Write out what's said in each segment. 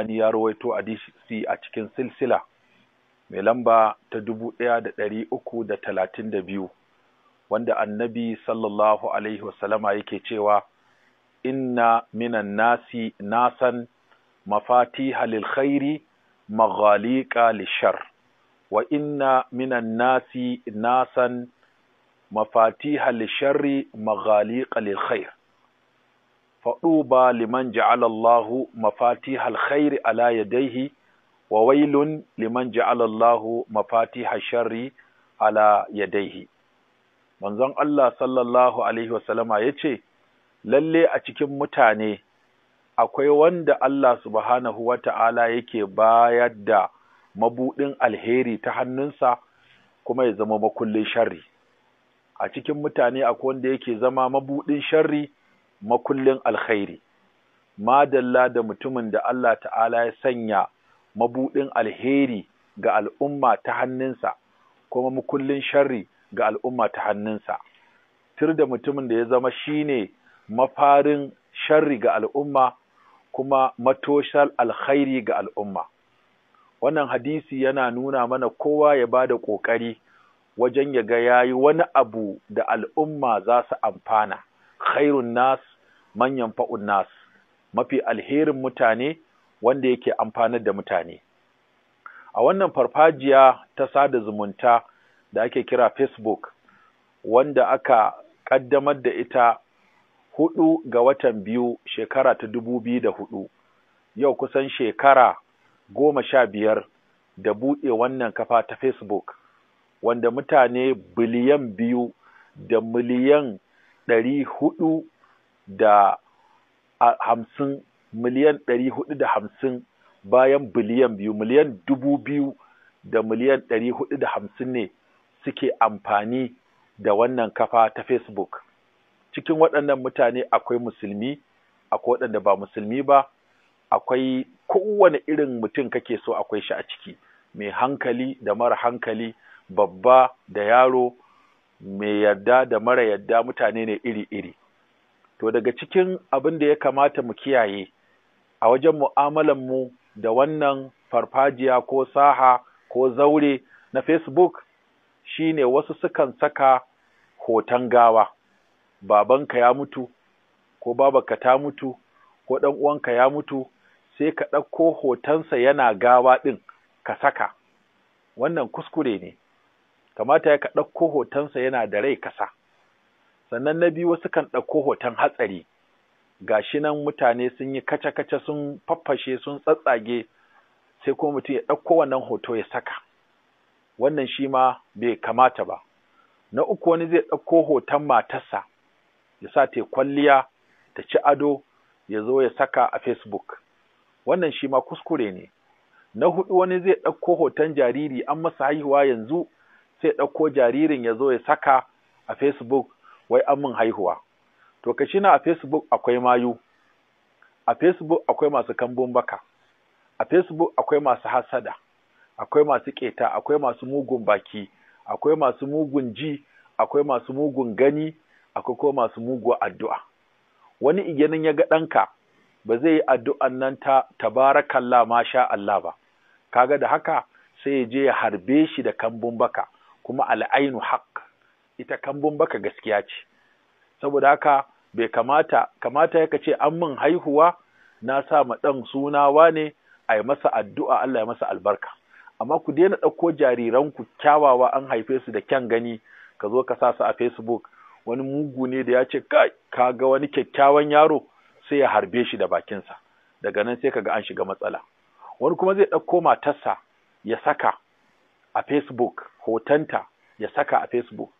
Albani ya rawaito hadisi a cikin silsila mai lamba ta dubu ɗaya da ɗari uku da talatin da biyu wanda annabi sallallahu alaihi wasallama yake cewa inna minan nasi nasan mafatiha lil khairi maghaliqa lishar wa inna minan nasi nasan mafatiha sharri maghaliqa lil khair faɗuba liman ja'ala Allahu mafatihal khairi ala yadaihi wa wailun liman ja'ala Allahu mafatihal sharri ala yadaihi manzon Allah sallallahu alaihi wasallama ce, lalle a cikin mutane akwai wanda Allah subhanahu wata'ala yake bayar da mabuɗin alheri ta hannunsa kuma ya zama makullin sharri a cikin mutane akwai wanda yake zama mabuɗin sharri makullin alkhairi madalla da mutumin da Allah ta'ala ya sanya mabudin alheri ga al'umma ta hannunsa kuma makullin sharri ga al'umma ta hannunsa tur da mutumin da ya zama shine mafarin sharri ga al'umma kuma matoshal alkhairi ga al'umma wannan hadisi yana nuna mana kowa ya bada kokari wajen ya ga yayi wani abu da al'umma za su amfana khairun nas manyan fa'un nas mafi alherin mutane wanda yake amfanar da mutane a wannan farfajiya ta sada zumunta da ake kira facebook wanda aka ƙaddamar da ita hudu ga watan biyu shekara ta dubu biyu da hudu yau kusan shekara goma sha biyar da buɗe wannan kafa ta facebook wanda mutane biliyan biyu da miliyan ɗari huɗu da hamsin miliyan ɗari hudu da hamsin bayan biliyan biyu miliyan dubu biyu da miliyan ɗari hudu da hamsin ne suke amfani da wannan kafa ta facebook cikin waɗannan mutane akwai musulmi akwai waɗanda ba musulmi ba akwai kowane irin mutum kake so akwai shi a ciki mai hankali da mara hankali babba da yaro mai yarda da mara yarda mutane ne iri-iri to daga cikin abin da ya kamata mu kiyaye a wajen mu'amalanmu da wannan farfajiya ko saha ko zaure na facebook shi ne wasu sukan saka hoton gawa babanka ya mutu ko babanka ta mutu ko ɗan uwanka ya mutu sai ka ɗauko hotonsa yana gawa ɗin ka saka wannan kuskure ne kamata ya ka ɗauko hotonsa yana da rai kasa sannan na biyu wasu kan ɗauko hoton hatsari gashi nan mutane sun yi kace-kace sun faffashe sun tsatsage sai kuma mutum ya ɗauko wannan hoto ya saka wannan shi ma bai kamata ba na uku wani zai ɗauko hoton matarsa ya sa ta kwalliya ta ci ado ya zo ya saka a facebook wannan shi ma kuskure ne na hudu wani zai ɗauko hoton jariri an masa haihuwa yanzu sai ɗauko jaririn ya zo ya saka a Facebook wai an mun haihuwa. To ka shina a Facebook akwai mayu, a Facebook akwai masu kambun baka, a Facebook akwai masu hasada, akwai masu ƙeta, akwai masu mugun baki, akwai masu mugun ji, akwai masu mugun gani, akwai ko masu mugun addu'a. Wani igenin ya ga ɗanka ba zai yi addu'an nan ta ma sha Allah ba, kaga da haka sai ya je ya harbe shi da kambun baka. kuma al'ainu haq ita kambun baka gaskiya ce saboda haka bai kamata kamata ya ce an min haihuwa na sa ma ɗan sunawa ne a yi masa addu'a Allah ya masa albarka amma ku daina ɗauko jariranku kyawawa an haife su da kyan gani ka zo ka sa su a facebook wani mugu ne da ya ce kai ka ga wani kyakkyawan yaro sai ya harbe shi da bakinsa daga nan sai ka ga an shiga matsala wani kuma zai ɗauko matarsa ya saka a facebook hotonta ya saka a facebook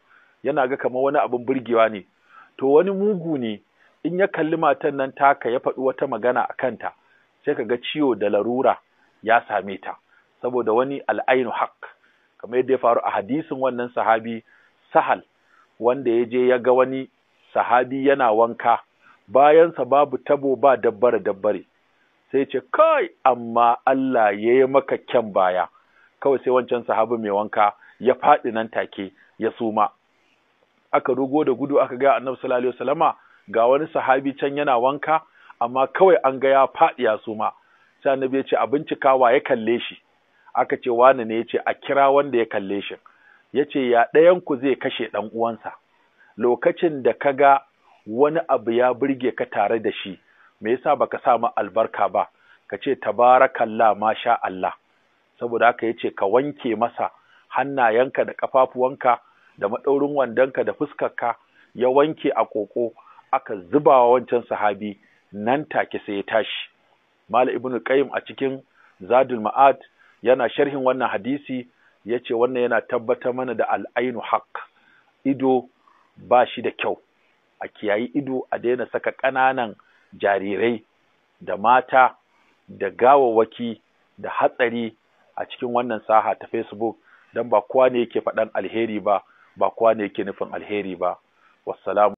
yana ga kamar wani abin burgewa ne to wani mugu ne in ya kalli matan nan taka ya faɗi wata magana a kanta sai ka ga ciwo da larura ya same ta saboda wani al'ainu haq kamar yadda ya faru a hadisin wannan sahabi sahal wanda ya je ya ga wani sahabi yana wanka bayansa babu tabo ba dabbare dabbare sai ce kai amma Allah ya yi maka kyan baya kawai sai wancan sahabi mai wanka ya faɗi nan take ya suma aka rugo da gudu aka ga annabi sallallahu alaihi wasallama ga wani sahabi can yana wanka amma kawai an ga ya faɗi ya suma sai annabi ya ce a bincika wa ya kalle shi aka ce wani ne ya ce a kira wanda ya kalle shi ya ce ya ɗayan ku zai kashe ɗan uwansa lokacin da ka ga wani abu ya burge ka tare da shi me yasa baka sa albarka ba ka ce tabarakallah masha Allah saboda haka ya ce ka wanke masa hannayenka da ƙafafuwanka da maɗaurin wandonka da fuskarka ya wanke a ƙoƙo aka zuba wa wancan sahabi nan take sai ya tashi Malam Ibn Qayyim a cikin Zadul Ma'ad yana sharhin wannan hadisi ya ce wannan yana tabbatar mana da al'ainu haq ido ba shi da kyau a kiyayi ido a daina saka ƙananan jarirai da mata da gawawwaki da hatsari a cikin wannan saha ta Facebook don ba kowa ne yake faɗan alheri ba ba kowa ne yake nufin alheri ba wassalamu